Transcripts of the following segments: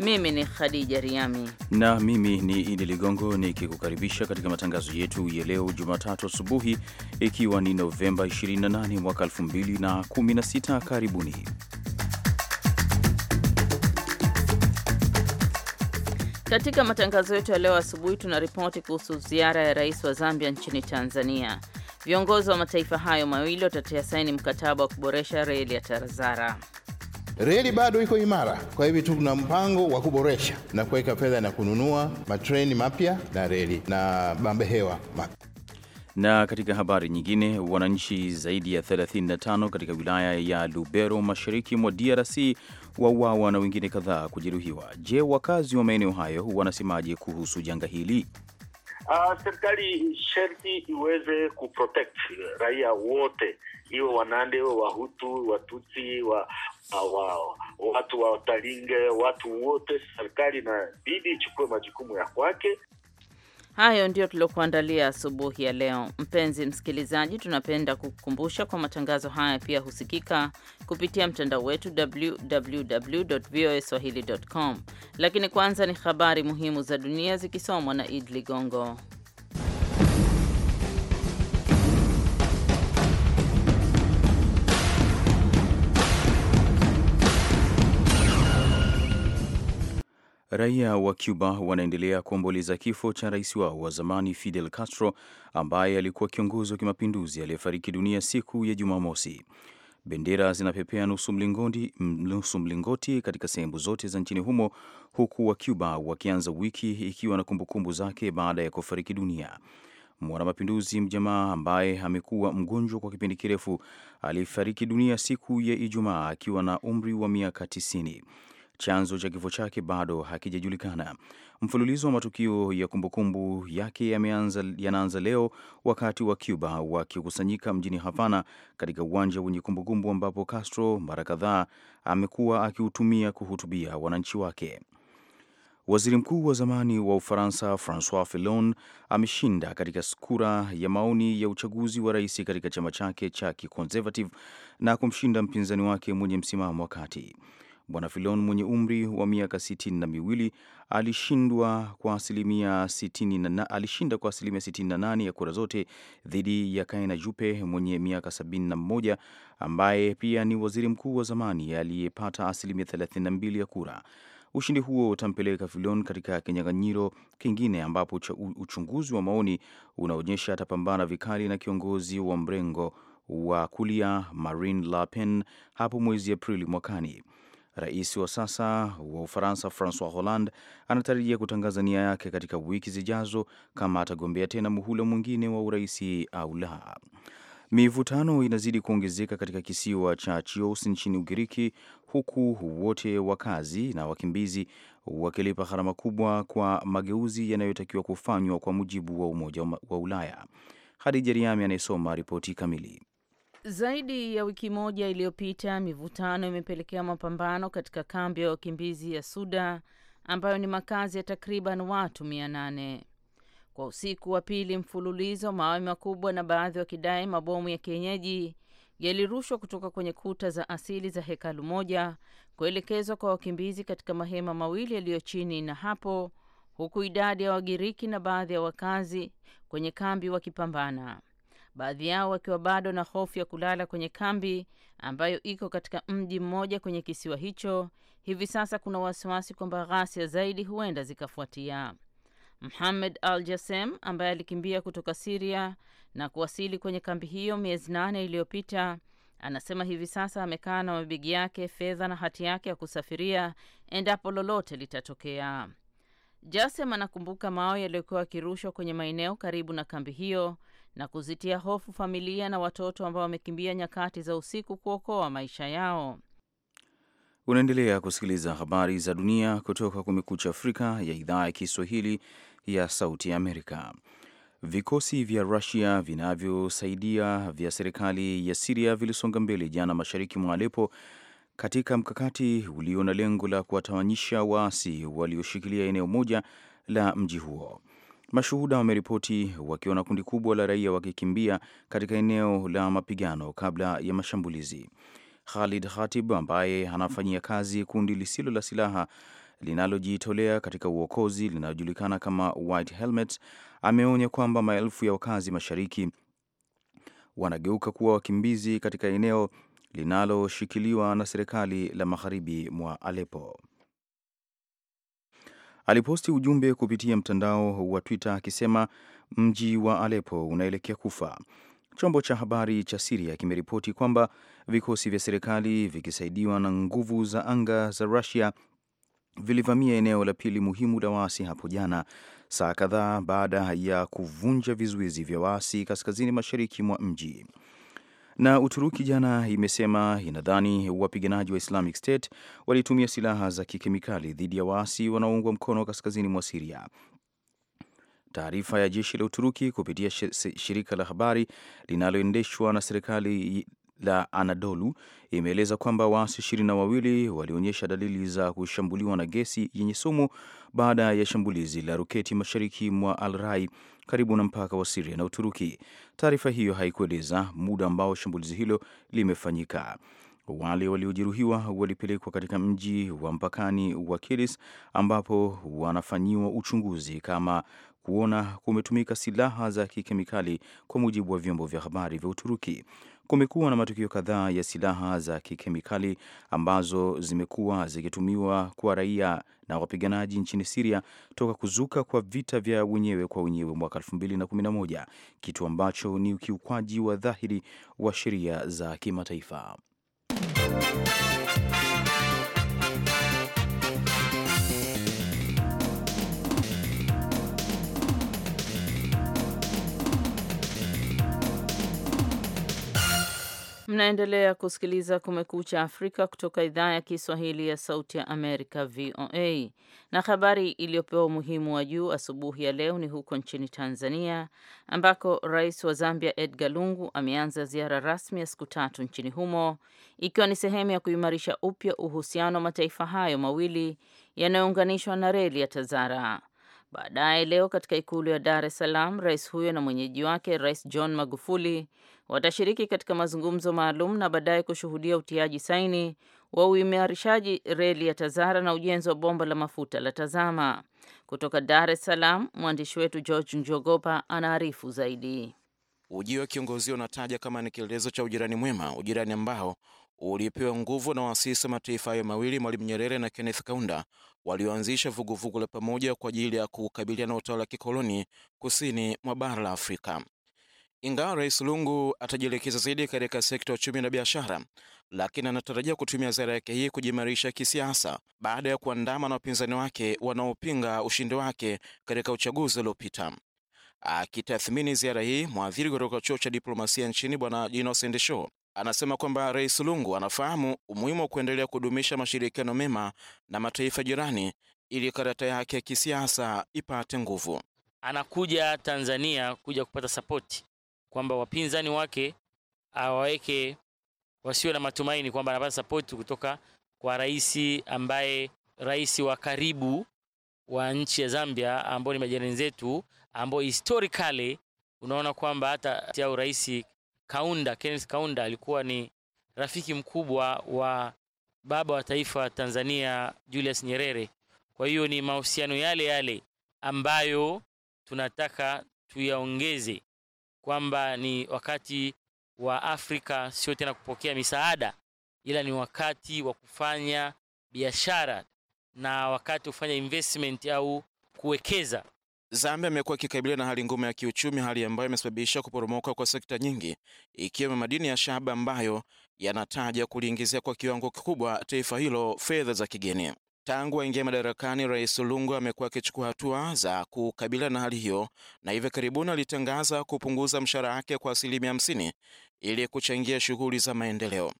Mimi ni Khadija Riami na mimi ni Idi Ligongo nikikukaribisha katika matangazo yetu ya leo Jumatatu asubuhi, ikiwa ni Novemba 28 mwaka 2016. Karibuni katika matangazo yetu ya leo asubuhi. Tuna ripoti kuhusu ziara ya rais wa Zambia nchini Tanzania. Viongozi wa mataifa hayo mawili watatia saini mkataba wa kuboresha reli ya Tarazara. Reli bado iko imara, kwa hivyo tuna mpango wa kuboresha na kuweka fedha na kununua matreni mapya na reli na mabehewa mapya. Na katika habari nyingine, wananchi zaidi ya 35 katika wilaya ya Lubero mashariki mwa DRC wauawa na wengine kadhaa kujeruhiwa. Je, wakazi wa maeneo hayo wanasemaje kuhusu janga hili? Uh, serikali sherti iweze kuprotect eh, raia wote, iwe Wanande, Wahutu, Watutsi, wa, wa, watu wa Talinge, watu wote. Serikali na bidi ichukue majukumu ya kwake. Hayo ndiyo tuliokuandalia asubuhi ya leo. Mpenzi msikilizaji, tunapenda kukukumbusha kwa matangazo haya pia husikika kupitia mtandao wetu voa swahilicom Lakini kwanza ni habari muhimu za dunia zikisomwa na Id Ligongo. Raia wa Cuba wanaendelea kuomboleza kifo cha rais wao wa zamani Fidel Castro ambaye alikuwa kiongozi wa kimapinduzi aliyefariki dunia siku ya Jumamosi. Bendera zinapepea nusu mlingoti, nusu mlingoti katika sehemu zote za nchini humo huku wa Cuba wakianza wiki ikiwa na kumbukumbu zake baada ya kufariki dunia. Mwanamapinduzi mjamaa ambaye amekuwa mgonjwa kwa kipindi kirefu alifariki dunia siku ya Ijumaa akiwa na umri wa miaka tisini. Chanzo cha kifo chake bado hakijajulikana. Mfululizo wa matukio ya kumbukumbu yake yanaanza ya leo wakati wa Cuba wakikusanyika mjini Havana katika uwanja wenye kumbukumbu ambapo Castro mara kadhaa amekuwa akiutumia kuhutubia wananchi wake. Waziri mkuu wa zamani wa Ufaransa Francois Fillon ameshinda katika kura ya maoni ya uchaguzi wa rais katika chama chake cha Kiconservative na kumshinda mpinzani wake mwenye msimamo wa kati. Bwana Filon mwenye umri wa miaka sitini na miwili alishindwa kwa asilimia sitini na, alishinda kwa asilimia 68 ya kura zote dhidi ya Kaina Jupe mwenye miaka 71 ambaye pia ni waziri mkuu wa zamani aliyepata asilimia 32 ya kura. Ushindi huo utampeleka filon katika kinyang'anyiro kingine ambapo uchunguzi wa maoni unaonyesha atapambana vikali na kiongozi wa mrengo wa kulia Marine Le Pen hapo mwezi Aprili mwakani. Rais wa sasa wa Ufaransa Francois Hollande anatarajia kutangaza nia yake katika wiki zijazo kama atagombea tena muhula mwingine wa uraisi au la. Mivutano inazidi kuongezeka katika kisiwa cha Chios nchini Ugiriki, huku wote wakazi na wakimbizi wakilipa gharama kubwa kwa mageuzi yanayotakiwa kufanywa kwa mujibu wa Umoja wa Ulaya. Hadija Riami anayesoma ripoti kamili. Zaidi ya wiki moja iliyopita, mivutano imepelekea mapambano katika kambi ya wakimbizi ya Suda ambayo ni makazi ya takriban watu mia nane. Kwa usiku wa pili mfululizo, mawe makubwa na baadhi wakidai mabomu ya kienyeji yalirushwa kutoka kwenye kuta za asili za hekalu moja kuelekezwa kwa wakimbizi katika mahema mawili yaliyo chini na hapo, huku idadi ya Wagiriki na baadhi ya wakazi kwenye kambi wakipambana baadhi yao wakiwa bado na hofu ya kulala kwenye kambi ambayo iko katika mji mmoja kwenye kisiwa hicho. Hivi sasa kuna wasiwasi kwamba ghasia zaidi huenda zikafuatia. Muhamed Al Jasem ambaye alikimbia kutoka Siria na kuwasili kwenye kambi hiyo miezi nane iliyopita anasema hivi sasa amekaa na mabegi yake, fedha na hati yake ya kusafiria endapo lolote litatokea. Jasem anakumbuka mawe yaliyokuwa yakirushwa kwenye maeneo karibu na kambi hiyo na kuzitia hofu familia na watoto ambao wamekimbia nyakati za usiku kuokoa maisha yao. Unaendelea kusikiliza habari za dunia kutoka Kumekucha Afrika ya idhaa ya Kiswahili ya Sauti ya Amerika. Vikosi vya Rusia vinavyosaidia vya serikali ya Siria vilisonga mbele jana mashariki mwa Alepo katika mkakati ulio na lengo la kuwatawanyisha waasi walioshikilia eneo moja la mji huo. Mashuhuda wameripoti wakiona kundi kubwa la raia wakikimbia katika eneo la mapigano kabla ya mashambulizi. Khalid Khatib ambaye anafanyia kazi kundi lisilo la silaha linalojitolea katika uokozi linalojulikana kama White ameonya kwamba maelfu ya wakazi mashariki wanageuka kuwa wakimbizi katika eneo linaloshikiliwa na serikali la magharibi mwa Aleppo aliposti ujumbe kupitia mtandao wa Twitter akisema mji wa Aleppo unaelekea kufa. Chombo cha habari cha Siria kimeripoti kwamba vikosi vya serikali vikisaidiwa na nguvu za anga za Rusia vilivamia eneo la pili muhimu la waasi hapo jana, saa kadhaa baada ya kuvunja vizuizi vya waasi kaskazini mashariki mwa mji. Na Uturuki jana imesema inadhani wapiganaji wa Islamic State walitumia silaha za kikemikali dhidi ya waasi wanaoungwa mkono kaskazini mwa Siria. Taarifa ya jeshi la Uturuki kupitia shirika la habari linaloendeshwa na serikali la Anadolu imeeleza kwamba waasi ishirini na wawili walionyesha dalili za kushambuliwa na gesi yenye sumu baada ya shambulizi la roketi mashariki mwa Al-Rai karibu na mpaka wa Siria na Uturuki. Taarifa hiyo haikueleza muda ambao shambulizi hilo limefanyika. Wale waliojeruhiwa walipelekwa katika mji wa mpakani wa Kilis ambapo wanafanyiwa uchunguzi kama kuona kumetumika silaha za kikemikali, kwa mujibu wa vyombo vya habari vya Uturuki kumekuwa na matukio kadhaa ya silaha za kikemikali ambazo zimekuwa zikitumiwa kwa raia na wapiganaji nchini Siria toka kuzuka kwa vita vya wenyewe kwa wenyewe mwaka 2011 kitu ambacho ni ukiukwaji wa dhahiri wa sheria za kimataifa. Mnaendelea kusikiliza Kumekucha Afrika kutoka idhaa ya Kiswahili ya Sauti ya Amerika, VOA. Na habari iliyopewa umuhimu wa juu asubuhi ya leo ni huko nchini Tanzania, ambako rais wa Zambia Edgar Lungu ameanza ziara rasmi ya siku tatu nchini humo, ikiwa ni sehemu ya kuimarisha upya uhusiano wa mataifa hayo mawili yanayounganishwa na reli ya Tazara. Baadaye leo katika ikulu ya Dar es Salaam, rais huyo na mwenyeji wake Rais John Magufuli watashiriki katika mazungumzo maalum na baadaye kushuhudia utiaji saini wa uimarishaji reli ya Tazara na ujenzi wa bomba la mafuta la Tazama. Kutoka Dar es Salaam, mwandishi wetu George Njogopa anaarifu zaidi. Ujio wa kiongozi unataja kama ni kielelezo cha ujirani mwema, ujirani ambao uliopewa nguvu na waasisi wa mataifa hayo mawili, Mwalimu Nyerere na Kenneth Kaunda, walioanzisha vuguvugu la pamoja kwa ajili ya kukabiliana na utawala wa kikoloni kusini mwa bara la Afrika. Ingawa Rais Lungu atajielekeza zaidi katika sekta ya uchumi na biashara, lakini anatarajia kutumia ziara yake hii kujimarisha kisiasa baada ya kuandama na wapinzani wake wanaopinga ushindi wake katika uchaguzi uliopita. Akitathmini ziara hii, mwadhiri kutoka chuo cha diplomasia nchini Bwana Jino Sendesho Anasema kwamba Rais Lungu anafahamu umuhimu wa kuendelea kudumisha mashirikiano mema na mataifa jirani ili karata yake ya kisiasa ipate nguvu. Anakuja Tanzania kuja kupata sapoti kwamba wapinzani wake awaweke wasiwe na matumaini kwamba anapata sapoti kutoka kwa rais ambaye rais wa karibu wa nchi ya Zambia ambao ni majirani zetu ambao historically unaona kwamba hata au rais Kaunda, Kenneth Kaunda alikuwa ni rafiki mkubwa wa baba wa taifa Tanzania Julius Nyerere. Kwa hiyo ni mahusiano yale yale ambayo tunataka tuyaongeze, kwamba ni wakati wa Afrika sio tena kupokea misaada, ila ni wakati wa kufanya biashara na wakati wa kufanya investment au kuwekeza. Zambia imekuwa ikikabiliwa na hali ngumu ya kiuchumi, hali ambayo imesababisha kuporomoka kwa sekta nyingi ikiwemo madini ya shaba ambayo yanataja kuliingizia kwa kiwango kikubwa taifa hilo fedha za kigeni. Tangu aingia madarakani, Rais Lungu amekuwa akichukua hatua za kukabiliana na hali hiyo, na hivi karibuni alitangaza kupunguza mshahara wake kwa asilimia 50 ili kuchangia shughuli za maendeleo.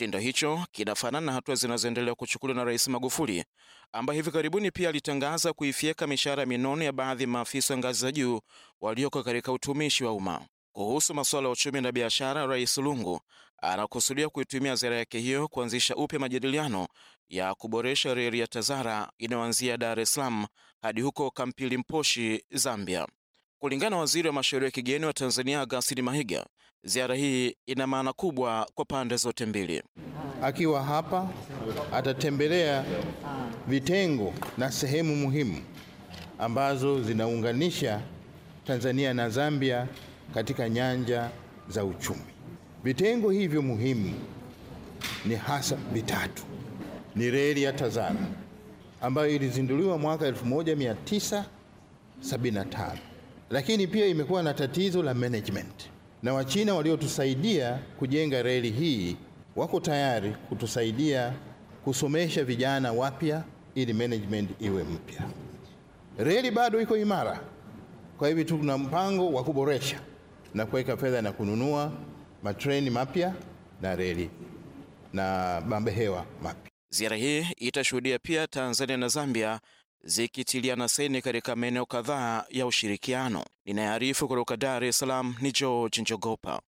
Kitendo hicho kinafanana na hatua zinazoendelea kuchukuliwa na Rais Magufuli ambaye hivi karibuni pia alitangaza kuifyeka mishahara minono ya baadhi ya maafisa ngazi za juu walioko katika utumishi wa umma. Kuhusu masuala ya uchumi na biashara, Rais Lungu anakusudia kuitumia ziara yake hiyo kuanzisha upya majadiliano ya kuboresha reli ya Tazara inayoanzia Dar es Salaam hadi huko Kampili Mposhi, Zambia. Kulingana na waziri wa mashauri ya kigeni wa Tanzania Augustine Mahiga, Ziara hii ina maana kubwa kwa pande zote mbili. Akiwa hapa atatembelea vitengo na sehemu muhimu ambazo zinaunganisha Tanzania na Zambia katika nyanja za uchumi. Vitengo hivyo muhimu ni hasa vitatu. Ni reli ya Tazara ambayo ilizinduliwa mwaka 1975 lakini pia imekuwa na tatizo la management na Wachina waliotusaidia kujenga reli hii wako tayari kutusaidia kusomesha vijana wapya ili management iwe mpya. Reli bado iko imara, kwa hivyo tuna mpango wa kuboresha na kuweka fedha na kununua matreni mapya na reli na mabehewa mapya. Ziara hii itashuhudia pia Tanzania na Zambia zikitiliana saini katika maeneo kadhaa ya ushirikiano. Ninayearifu kutoka Dar es Salaam ni George Njogopa.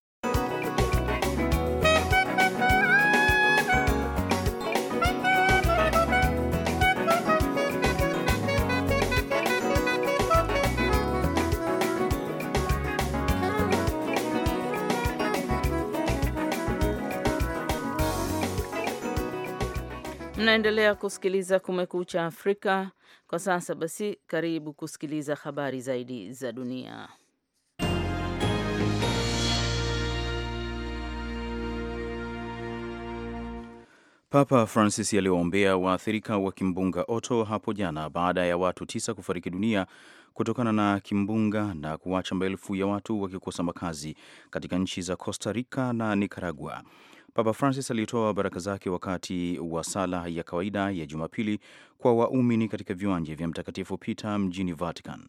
Mnaendelea kusikiliza Kumekucha Afrika kwa sasa basi, karibu kusikiliza habari zaidi za dunia. Papa Francis aliwaombea waathirika wa kimbunga Otto hapo jana baada ya watu tisa kufariki dunia kutokana na kimbunga na kuacha maelfu ya watu wakikosa makazi katika nchi za Costa Rica na Nicaragua. Papa Francis alitoa baraka zake wakati wa sala ya kawaida ya Jumapili kwa waumini katika viwanja vya Mtakatifu Peter mjini Vatican.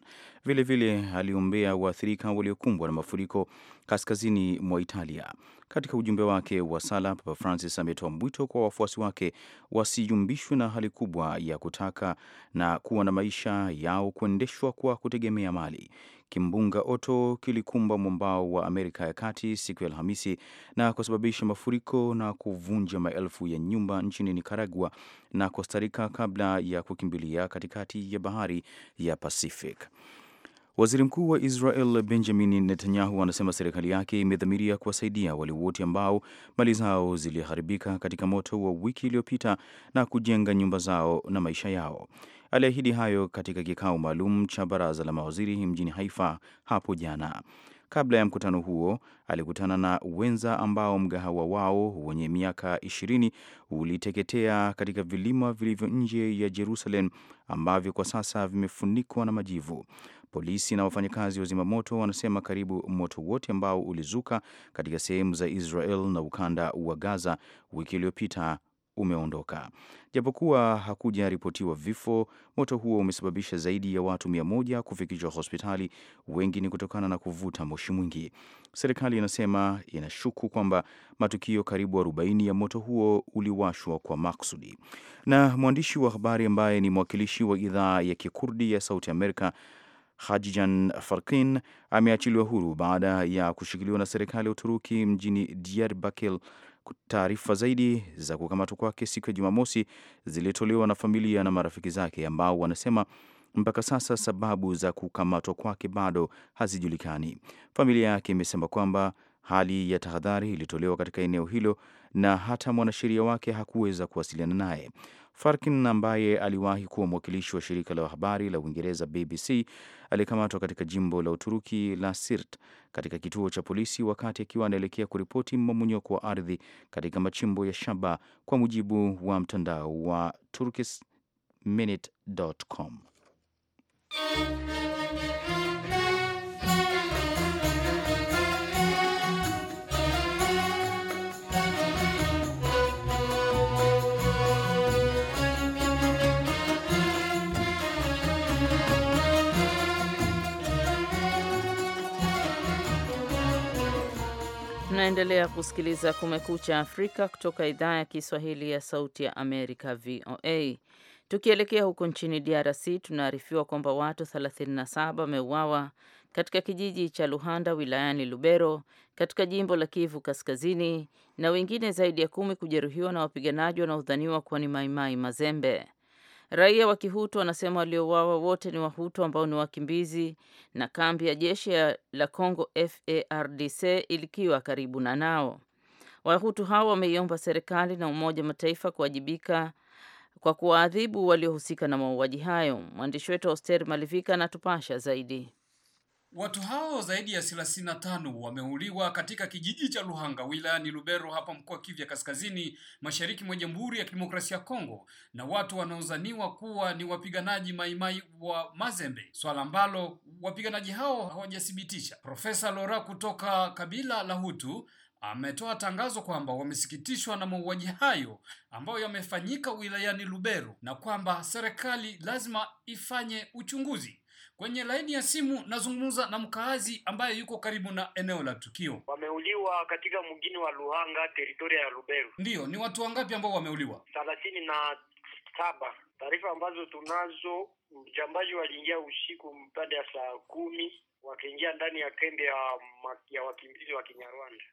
Vilevile vile aliombea waathirika waliokumbwa na mafuriko kaskazini mwa Italia. Katika ujumbe wake wa sala, Papa Francis ametoa mwito kwa wafuasi wake wasijumbishwe na hali kubwa ya kutaka na kuwa na maisha yao kuendeshwa kwa kutegemea mali, Kimbunga oto kilikumba mwambao wa Amerika ya Kati siku ya Alhamisi na kusababisha mafuriko na kuvunja maelfu ya nyumba nchini Nicaragua na Costa Rica kabla ya kukimbilia katikati ya bahari ya Pacific. Waziri Mkuu wa Israel Benjamin Netanyahu anasema serikali yake imedhamiria kuwasaidia wale wote ambao mali zao ziliharibika katika moto wa wiki iliyopita na kujenga nyumba zao na maisha yao. Aliahidi hayo katika kikao maalum cha baraza la mawaziri mjini Haifa hapo jana. Kabla ya mkutano huo, alikutana na wenza ambao mgahawa wao wenye miaka ishirini uliteketea katika vilima vilivyo nje ya Jerusalem ambavyo kwa sasa vimefunikwa na majivu. Polisi na wafanyakazi wa zimamoto wanasema karibu moto wote ambao ulizuka katika sehemu za Israel na ukanda wa Gaza wiki iliyopita umeondoka. Japokuwa hakujaripotiwa vifo, moto huo umesababisha zaidi ya watu mia moja kufikishwa hospitali, wengi ni kutokana na kuvuta moshi mwingi. Serikali inasema inashuku kwamba matukio karibu 40 ya moto huo uliwashwa kwa maksudi. Na mwandishi wa habari ambaye ni mwakilishi wa idhaa ya Kikurdi ya Sauti Amerika Hajijan Farkin ameachiliwa huru baada ya kushikiliwa na serikali ya Uturuki mjini Diyarbakir Taarifa zaidi za kukamatwa kwake siku ya Jumamosi zilitolewa na familia na marafiki zake ambao wanasema mpaka sasa sababu za kukamatwa kwake bado hazijulikani. Familia yake imesema kwamba Hali ya tahadhari ilitolewa katika eneo hilo na hata mwanasheria wake hakuweza kuwasiliana naye. Farkin ambaye aliwahi kuwa mwakilishi wa shirika la habari la Uingereza BBC alikamatwa katika jimbo la Uturuki la Sirt katika kituo cha polisi wakati akiwa anaelekea kuripoti mmomonyoko wa ardhi katika machimbo ya shaba, kwa mujibu wa mtandao wa Turkish Unaendelea kusikiliza Kumekucha Afrika kutoka idhaa ya Kiswahili ya Sauti ya Amerika, VOA. Tukielekea huko nchini DRC, tunaarifiwa kwamba watu 37 wameuawa katika kijiji cha Luhanda wilayani Lubero katika jimbo la Kivu Kaskazini na wengine zaidi ya kumi kujeruhiwa na wapiganaji wanaodhaniwa kuwa ni Maimai Mazembe. Raia wa Kihutu wanasema waliouawa wote ni Wahutu ambao ni wakimbizi na kambi ya jeshi la Congo FARDC ilikiwa karibu na nao. Wahutu hao wameiomba serikali na Umoja wa Mataifa kuwajibika kwa kuwaadhibu waliohusika na mauaji hayo. Mwandishi wetu Auster Malivika anatupasha zaidi. Watu hao zaidi ya 35 wameuliwa katika kijiji cha Luhanga wilayani Lubero hapa mkoa kivya Kaskazini, mashariki mwa Jamhuri ya Kidemokrasia ya Kongo, na watu wanaozaniwa kuwa ni wapiganaji maimai wa Mazembe, swala ambalo wapiganaji hao hawajathibitisha. Profesa Lora kutoka kabila la Hutu ametoa tangazo kwamba wamesikitishwa na mauaji hayo ambayo yamefanyika wilayani Lubero na kwamba serikali lazima ifanye uchunguzi. Kwenye laini ya simu nazungumza na mkaazi ambaye yuko karibu na eneo la tukio. Wameuliwa katika mgini wa Luhanga, teritoria ya Lubero. Ndiyo, ni watu wangapi ambao wameuliwa? thelathini na saba. Taarifa ambazo tunazo, mjambazi waliingia usiku mpande ya saa kumi wakiingia ndani ya kende ya, ya wakimbizi wa Kinyarwanda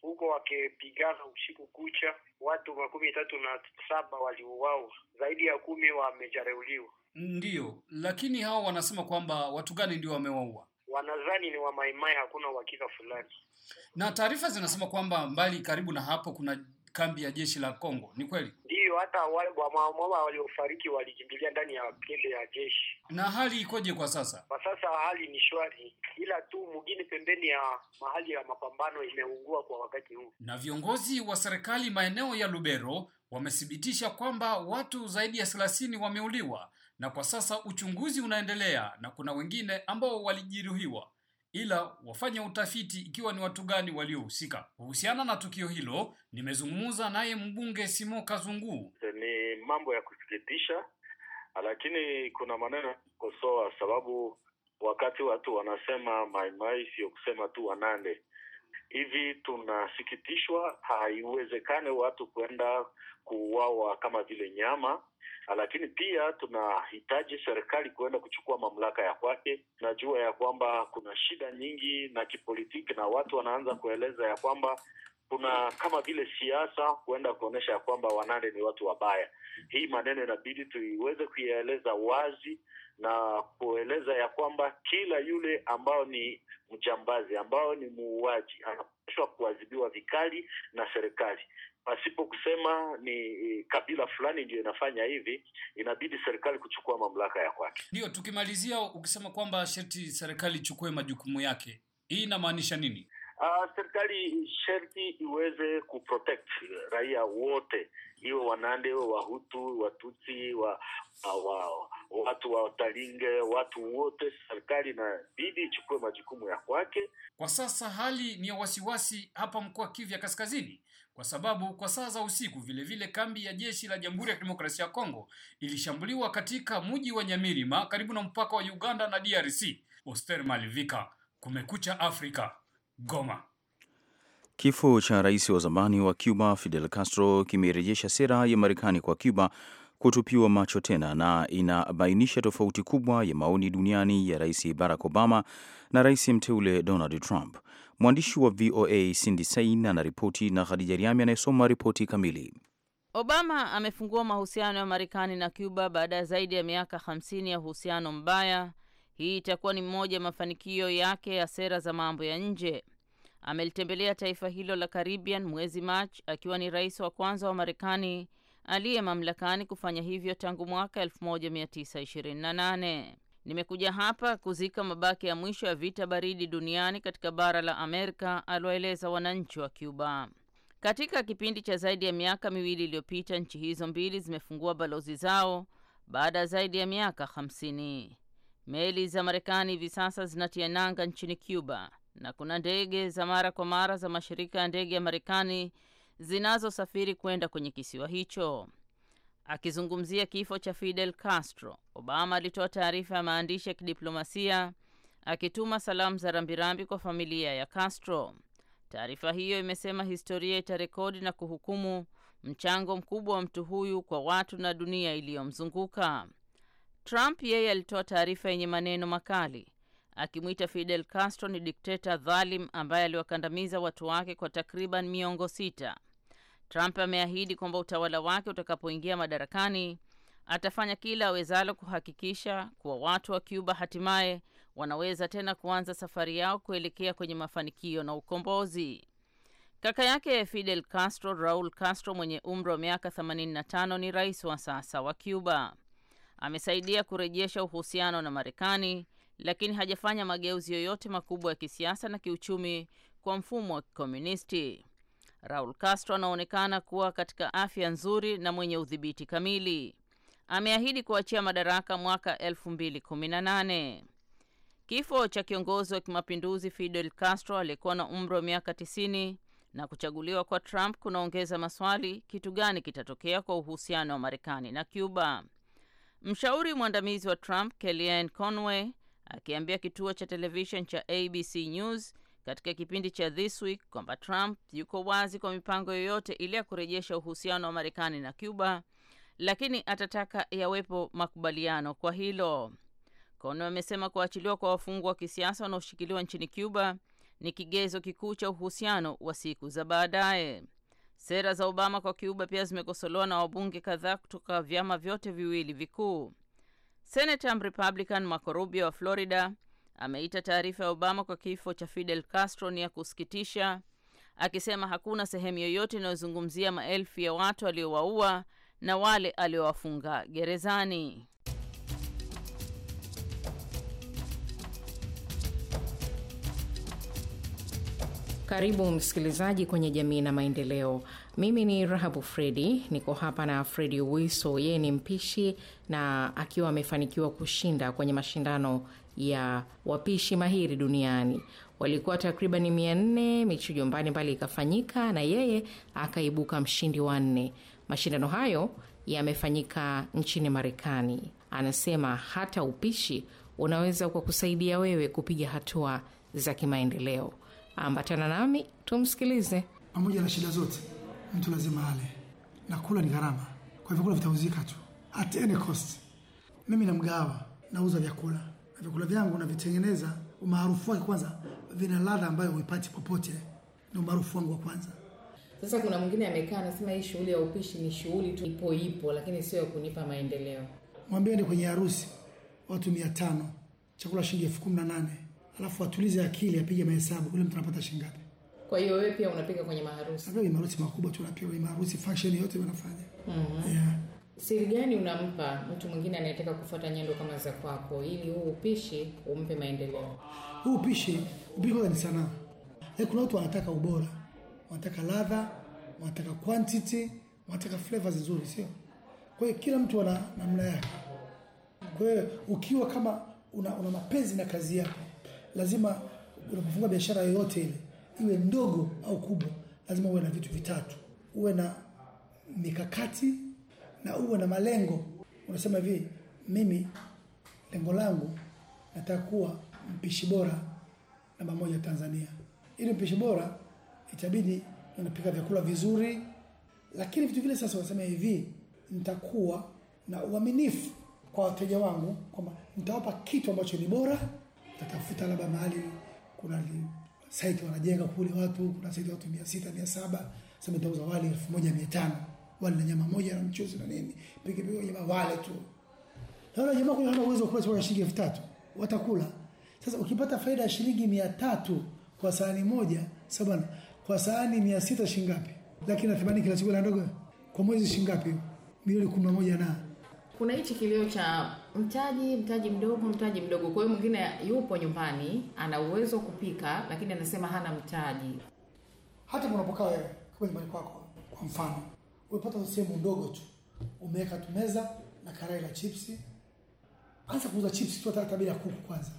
huko wakipigana usiku kucha. Watu makumi tatu na saba waliuawa, zaidi ya kumi wamejareuliwa. Ndiyo, lakini hao wanasema kwamba watu gani ndio wamewaua. Wanadhani ni wa Maimai, hakuna uhakika fulani. Na taarifa zinasema kwamba mbali karibu na hapo kuna kambi ya jeshi la Kongo. Ni kweli? Ndiyo, hata wale wamama waliofariki walikimbilia ndani ya kende ya jeshi. Na hali ikoje kwa sasa? Kwa sasa hali ni shwari, ila tu mwingine pembeni ya mahali ya mapambano imeungua kwa wakati huu. Na viongozi wa serikali maeneo ya Lubero wamethibitisha kwamba watu zaidi ya thelathini wameuliwa na kwa sasa uchunguzi unaendelea na kuna wengine ambao walijeruhiwa, ila wafanya utafiti ikiwa ni watu gani waliohusika. Kuhusiana na tukio hilo, nimezungumza naye mbunge simo kazunguu Ni mambo ya kusikitisha, lakini kuna maneno ya kukosoa, sababu wakati watu wanasema maimai, sio kusema tu Wanande hivi tunasikitishwa. Haiwezekani watu kwenda kuuawa kama vile nyama, lakini pia tunahitaji serikali kuenda kuchukua mamlaka ya kwake. Najua ya kwamba kuna shida nyingi na kipolitiki, na watu wanaanza kueleza ya kwamba kuna kama vile siasa huenda kuonyesha ya kwamba Wanande ni watu wabaya. Hii maneno inabidi tuiweze kuyaeleza wazi na kueleza ya kwamba kila yule ambao ni mjambazi, ambao ni muuaji, anapaswa kuadhibiwa vikali na serikali pasipo kusema ni kabila fulani ndio inafanya hivi. Inabidi serikali kuchukua mamlaka ya kwake. Ndio tukimalizia, ukisema kwamba sharti serikali ichukue majukumu yake, hii inamaanisha nini? Uh, serikali sherti iweze kuprotect eh, raia wote, iwe Wanande, Wahutu, Watutsi, wa, ah, wa, watu wa Talinge, watu wote. Serikali inabidi ichukue majukumu ya kwake. Kwa sasa hali ni ya wasiwasi hapa mkoa Kivu ya Kaskazini, kwa sababu kwa saa za usiku vile vile kambi ya jeshi la Jamhuri ya Kidemokrasia ya Kongo ilishambuliwa katika mji wa Nyamirima karibu na mpaka wa Uganda na DRC. Oster Malivika, Kumekucha Afrika. Goma. Kifo cha rais wa zamani wa Cuba Fidel Castro kimerejesha sera ya Marekani kwa Cuba kutupiwa macho tena na inabainisha tofauti kubwa ya maoni duniani ya Rais Barack Obama na rais mteule Donald Trump. Mwandishi wa VOA Cindy Sain anaripoti na Khadija Riami anayesoma ripoti kamili. Obama amefungua mahusiano ya Marekani na Cuba baada ya zaidi ya miaka 50 ya uhusiano mbaya. Hii itakuwa ni mmoja ya mafanikio yake ya sera za mambo ya nje amelitembelea taifa hilo la Caribbean mwezi Machi akiwa ni rais wa kwanza wa Marekani aliye mamlakani kufanya hivyo tangu mwaka 1928. Nimekuja hapa kuzika mabaki ya mwisho ya vita baridi duniani katika bara la Amerika, aliwaeleza wananchi wa Cuba. Katika kipindi cha zaidi ya miaka miwili iliyopita, nchi hizo mbili zimefungua balozi zao baada ya zaidi ya miaka 50. Meli za Marekani hivi sasa zinatia nanga nchini Cuba na kuna ndege za mara kwa mara za mashirika ya ndege ya Marekani zinazosafiri kwenda kwenye kisiwa hicho. Akizungumzia kifo cha Fidel Castro, Obama alitoa taarifa ya maandishi ya kidiplomasia akituma salamu za rambirambi kwa familia ya Castro. Taarifa hiyo imesema historia itarekodi na kuhukumu mchango mkubwa wa mtu huyu kwa watu na dunia iliyomzunguka. Trump yeye alitoa taarifa yenye maneno makali akimwita Fidel Castro ni dikteta dhalim ambaye aliwakandamiza watu wake kwa takriban miongo sita. Trump ameahidi kwamba utawala wake utakapoingia madarakani atafanya kila awezalo kuhakikisha kuwa watu wa Cuba hatimaye wanaweza tena kuanza safari yao kuelekea kwenye mafanikio na ukombozi. Kaka yake Fidel Castro, Raul Castro, mwenye umri wa miaka 85, ni rais wa sasa wa Cuba. Amesaidia kurejesha uhusiano na Marekani lakini hajafanya mageuzi yoyote makubwa ya kisiasa na kiuchumi kwa mfumo wa kikomunisti. Raul Castro anaonekana kuwa katika afya nzuri na mwenye udhibiti kamili. Ameahidi kuachia madaraka mwaka 2018. Kifo cha kiongozi wa kimapinduzi Fidel Castro aliyekuwa na umri wa miaka 90 na kuchaguliwa kwa Trump kunaongeza maswali, kitu gani kitatokea kwa uhusiano wa Marekani na Cuba? Mshauri mwandamizi wa Trump Kellyanne Conway akiambia kituo cha televishen cha ABC News katika kipindi cha This Week kwamba Trump yuko wazi kwa mipango yoyote ili ya kurejesha uhusiano wa Marekani na Cuba, lakini atataka yawepo makubaliano kwa hilo. Kono amesema kuachiliwa kwa wafungwa wa kisiasa wanaoshikiliwa nchini Cuba ni kigezo kikuu cha uhusiano wa siku za baadaye. Sera za Obama kwa Cuba pia zimekosolewa na wabunge kadhaa kutoka vyama vyote viwili vikuu. Senata Mrepublican Marco Rubio wa Florida ameita taarifa ya Obama kwa kifo cha Fidel Castro ni ya kusikitisha, akisema hakuna sehemu yoyote inayozungumzia maelfu ya watu aliowaua na wale aliowafunga gerezani. Karibu msikilizaji kwenye Jamii na Maendeleo. Mimi ni Rahabu Fredi, niko hapa na Fredi Wiso. Yeye ni mpishi na akiwa amefanikiwa kushinda kwenye mashindano ya wapishi mahiri duniani. Walikuwa takribani mia nne, michujo mbalimbali ikafanyika na yeye akaibuka mshindi wa nne. Mashindano hayo yamefanyika nchini Marekani. Anasema hata upishi unaweza kwa kusaidia wewe kupiga hatua za kimaendeleo. Ambatana nami tumsikilize. Pamoja na shida zote mtu lazima ale na kula ni gharama, kwa hivyo vyakula vitauzika tu at any cost. Mimi na mgawa nauza vyakula na vyakula vyangu navitengeneza, umaarufu wake kwanza, vina ladha ambayo huipati popote, na umaarufu wangu wa kwanza. Sasa kuna mwingine amekaa anasema hii shughuli ya upishi ni shughuli tu ipo ipo, lakini sio ya kunipa maendeleo. Mwambie ni kwenye harusi watu mia tano chakula shilingi elfu kumi na nane alafu atulize akili apige mahesabu, yule mtu anapata shilingi ngapi? Kwa hiyo wewe pia unapiga kwenye maharusi. Hata maharusi makubwa tu kwenye maharusi fashion yote wanafanya. Mm-hmm. Yeah. Siri gani unampa mtu mwingine anayetaka kufuata nyendo kama za kwako ili huu upishi umpe maendeleo? Huu upishi, upishi ni sanaa. Eh, kuna watu wanataka ubora, wanataka ladha, wanataka quantity, wanataka flavors nzuri, sio? Kwa hiyo kila mtu ana namna yake. Kwa hiyo ukiwa kama una, una mapenzi na kazi yako, lazima unapofunga biashara yoyote ile iwe ndogo au kubwa, lazima uwe na vitu vitatu: uwe na mikakati na uwe na malengo. Unasema hivi, mimi lengo langu nataka kuwa mpishi bora namba moja Tanzania. Ili mpishi bora, itabidi unapika vyakula vizuri, lakini vitu vile sasa unasema hivi, nitakuwa na uaminifu kwa wateja wangu kwamba nitawapa kitu ambacho ni bora, nitatafuta labda mahali kuna li site wanajenga kule watu, kuna site watu mia 600 700, sasa nitauza wali elfu moja mia tano wali na nyama moja na mchuzi na nini, pikipiki piki jamaa wale tu. naona jamaa kuna hana uwezo kwa kwa shilingi elfu tatu watakula. Sasa ukipata faida ya shilingi mia tatu kwa sahani moja, sabana kwa sahani mia sita shingapi Lakini na thamani kila chakula ndogo kwa mwezi shingapi milioni kumi na moja na kuna hichi kilio cha mtaji mtaji mdogo mtaji mdogo kwa hiyo mwingine yupo nyumbani ana uwezo kupika lakini anasema hana mtaji hata unapokaa wewe nyumbani kwako kwa mfano umepata sehemu ndogo tu umeweka tu meza na karai la chipsi anza kuuza chipsi tu hata bila kuku kwanza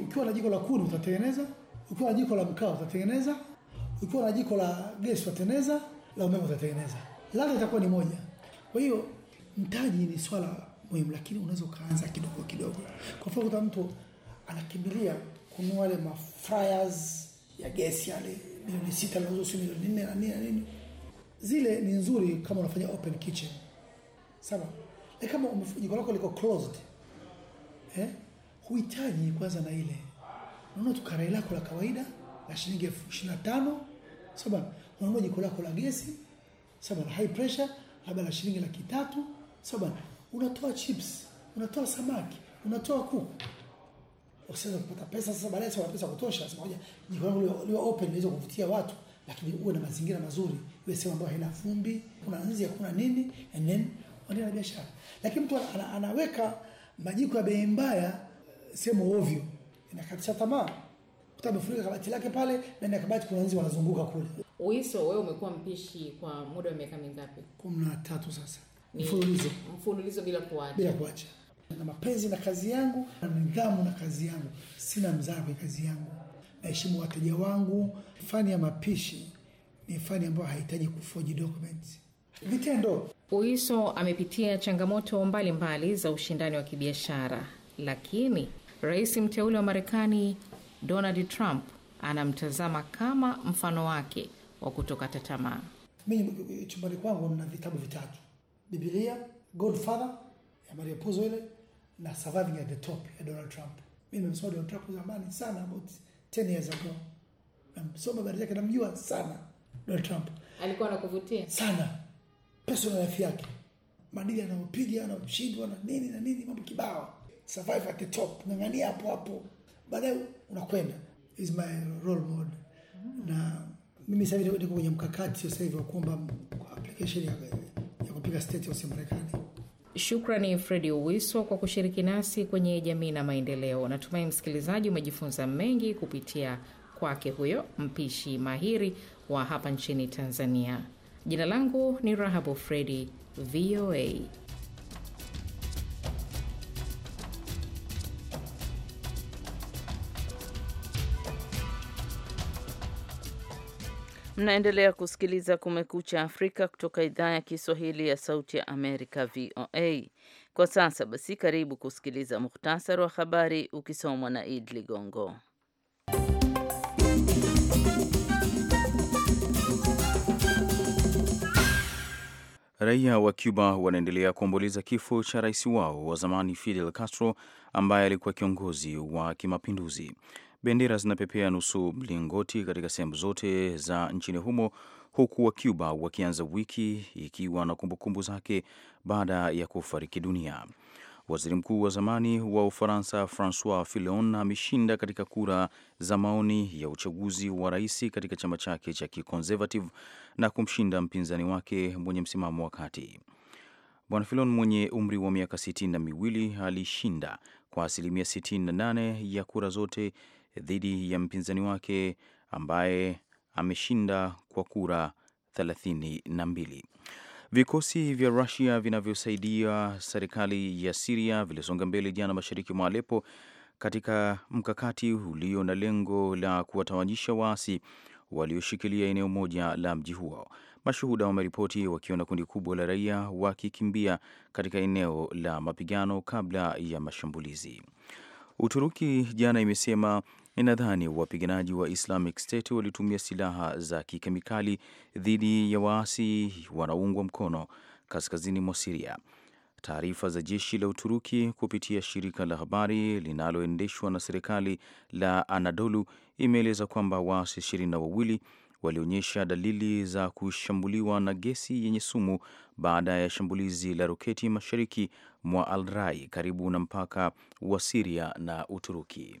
ukiwa na jiko la kuni utatengeneza ukiwa na jiko la mkaa utatengeneza ukiwa na jiko la gesi utatengeneza la umeme utatengeneza ladha itakuwa ni moja kwa hiyo mtaji ni swala muhimu, lakini unaweza ukaanza kidogo kidogo. Kwa mfano, kuna mtu anakimbilia kununua wale mafryers ya gesi yale milioni sita na nusu, milioni nne na nini na nini. Zile ni nzuri kama unafanya open kitchen, sawa. E, kama jiko lako liko closed eh, huhitaji kwanza na ile. Unaona tu karai lako la kawaida la shilingi elfu ishirini na tano sawa, unanunua jiko lako la gesi sawa, la high pressure labda la shilingi laki tatu sababu unatoa chips, unatoa samaki, unatoa kuku. Usiweze kupata pesa sasa baadaye sasa pesa kutosha, sema ngoja jiko langu liwe open liweze kuvutia watu, lakini uwe na mazingira mazuri, iwe sehemu ambayo haina vumbi, kuna nzi, kuna nini and then wanaenda biashara. Lakini mtu ana, anaweka majiko ya bei mbaya eh, sehemu ovyo, inakatisha tamaa kuta amefunika kabati lake pale na ndani kabati kuna nzi wanazunguka kule. Uiso, wewe umekuwa mpishi kwa muda wa miaka mingapi? kumi na tatu sasa mfululizo mfululizo bila kuacha bila kuacha, na mapenzi na kazi yangu na nidhamu na kazi yangu. Sina mzaha kwenye kazi yangu, naheshimu wateja wangu. Fani ya mapishi ni fani ambayo hahitaji kufoji documents vitendo. Uiso amepitia changamoto mbalimbali mbali za ushindani wa kibiashara, lakini rais mteule wa Marekani Donald Trump anamtazama kama mfano wake wa kutokata tamaa. Mimi chumbani kwangu nina vitabu vitatu Bibilia, Godfather ya Mario Puzo ile na Surviving at the Top ya Donald Trump. Mimi nimemsoma Donald Trump zamani sana, about 10 years ago. Namsoma habari zake, namjua sana Donald Trump. Alikuwa anakuvutia sana, personal life yake, madili anayopiga, anashindwa na nini na nini, mambo kibao. Survive at the top, ng'ang'ania hapo hapo, baadaye unakwenda. Is my role model mm -hmm. na mimi sasa hivi niko kwenye mkakati sasa hivi wa kuomba application ya kupiga state ya Marekani. Shukrani Fredi uwiso kwa kushiriki nasi kwenye jamii na maendeleo. Natumai msikilizaji umejifunza mengi kupitia kwake huyo mpishi mahiri wa hapa nchini Tanzania. Jina langu ni Rahabu Fredi, VOA. Mnaendelea kusikiliza Kumekucha Afrika kutoka idhaa ya Kiswahili ya Sauti ya Amerika, VOA. Kwa sasa basi, karibu kusikiliza muhtasari wa habari ukisomwa na Id Ligongo. Raia wa Cuba wanaendelea kuomboleza kifo cha rais wao wa zamani Fidel Castro ambaye alikuwa kiongozi wa kimapinduzi. Bendera zinapepea nusu mlingoti katika sehemu zote za nchini humo huku wa Cuba wakianza wiki ikiwa na kumbukumbu zake baada ya kufariki dunia. Waziri mkuu wa zamani wa Ufaransa Francois Fillon ameshinda katika kura za maoni ya uchaguzi wa rais katika chama chake cha kiconservative na kumshinda mpinzani wake mwenye msimamo wa kati. Bwana Fillon mwenye umri wa miaka sitini na miwili alishinda kwa asilimia 68 ya kura zote dhidi ya mpinzani wake ambaye ameshinda kwa kura 32. Vikosi vya Rusia vinavyosaidia serikali ya Siria vilisonga mbele jana mashariki mwa Alepo katika mkakati ulio na lengo la kuwatawanyisha waasi walioshikilia eneo moja la mji huo. Mashuhuda wameripoti wakiona kundi kubwa la raia wakikimbia katika eneo la mapigano kabla ya mashambulizi. Uturuki jana imesema Ninadhani wapiganaji wa Islamic State walitumia silaha za kikemikali dhidi ya waasi wanaoungwa mkono kaskazini mwa Siria. Taarifa za jeshi la Uturuki kupitia shirika la habari linaloendeshwa na serikali la Anadolu imeeleza kwamba waasi ishirini na wawili walionyesha dalili za kushambuliwa na gesi yenye sumu baada ya shambulizi la roketi mashariki mwa Al Rai karibu na mpaka wa Siria na Uturuki.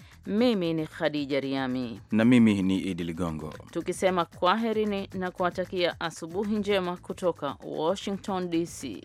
mimi ni Khadija Riami na mimi ni Idi Ligongo, tukisema kwaherini na kuwatakia asubuhi njema kutoka Washington DC.